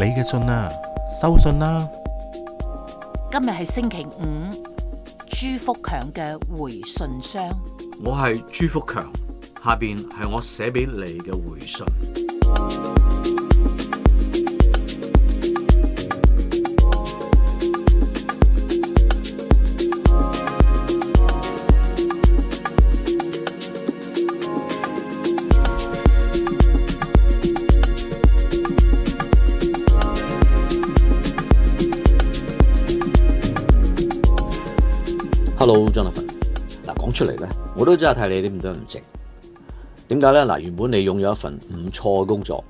你嘅信啊，收信啦啊！今日係星期五，朱福強嘅回信箱。我係朱福強，下邊係我寫俾你嘅回信。Hello，Jonathan，嗱，講出嚟，咧，我真的看都真係替你啲唔得唔值。點解咧？嗱，原本你擁有一份唔錯嘅工作，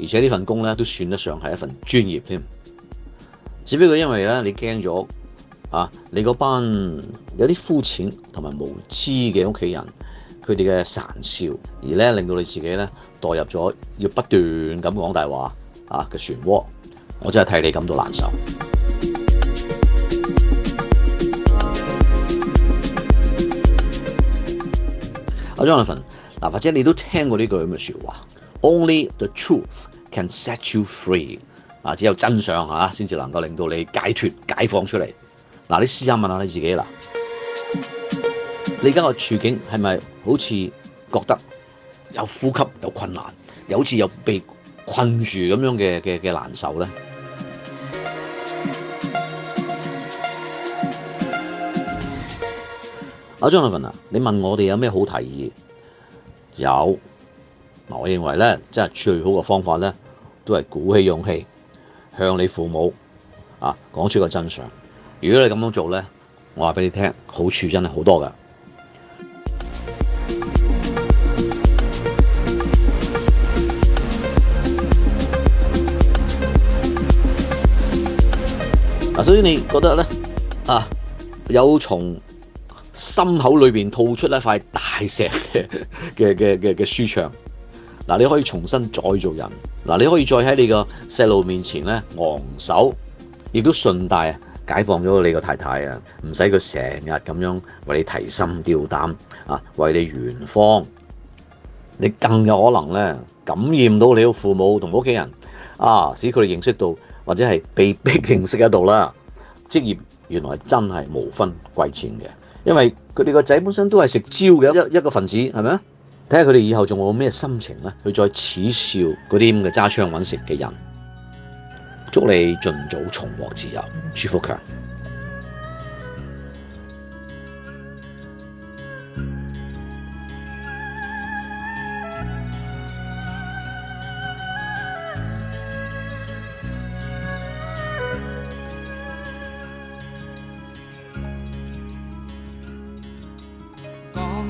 而且呢份工咧都算得上係一份專業添。只不過因為咧你驚咗啊，你嗰班有啲膚淺同埋無知嘅屋企人，佢哋嘅訕笑，而咧令到你自己咧墮入咗要不斷咁講大話啊嘅漩渦，我真係替你感到難受。阿 Jonathan，嗱或者你都聽過呢句咁嘅説話，Only the truth can set you free。啊，只有真相嚇先至能夠令到你解脱、解放出嚟。嗱，你試下問下你自己啦，你而家個處境係咪好似覺得有呼吸有困難，又好似有被困住咁樣嘅嘅嘅難受咧？阿張立文啊，Jonathan，你問我哋有咩好提議？有嗱，我認為咧，即係最好嘅方法咧，都係鼓起勇氣向你父母啊講出個真相。如果你咁樣做咧，我話俾你聽，好處真係好多㗎。啊，所以你覺得咧啊，有從？心口裏邊吐出一塊大石嘅嘅嘅嘅舒暢，嗱，你可以重新再做人，嗱，你可以再喺你個細路面前咧昂首，亦都順帶解放咗你個太太啊，唔使佢成日咁樣為你提心吊膽啊，為你圓方。你更有可能咧感染到你個父母同屋企人啊，使佢哋認識到或者係被迫認識得到啦。職業原來真係無分貴賤嘅。因為佢哋個仔本身都係食蕉嘅一,一,一個份子，係咪啊？睇下佢哋以後仲有咩心情去再恥笑嗰啲咁嘅揸槍揾食嘅人。祝你盡早重獲自由，朱福強。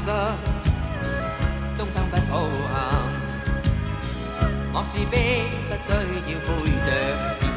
終生不抱憾，啊，莫自卑，不需要背着。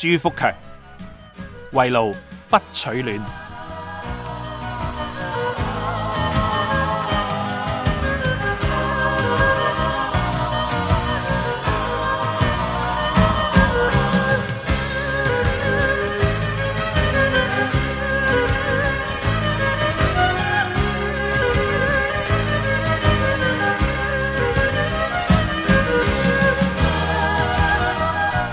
朱福強，為奴不取暖。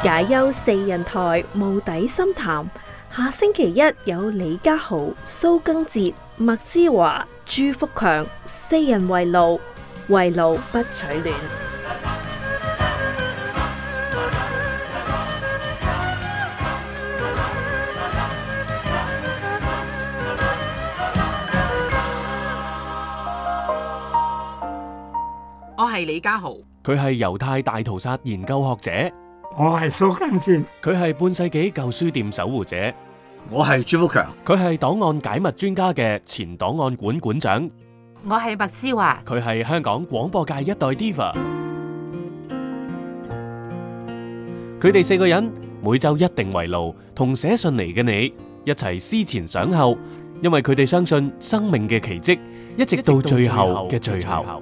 解憂四人台，無底深潭。下星期一有李家豪、蘇賡哲、麥之華、朱福強，四人圍爐，圍爐不取暖。我係李家豪，佢係猶太大屠殺研究學者。我係蘇賡哲，佢係半世紀舊書店守護者。我係朱福強，佢係檔案解密專家嘅前檔案館館長。我係麥之華，佢係香港廣播界一代 Diva。佢哋、嗯、四個人每周一定圍爐，同寫信嚟嘅，你一齊思前想後，因為佢哋相信生命嘅奇跡，一直到最後嘅最後。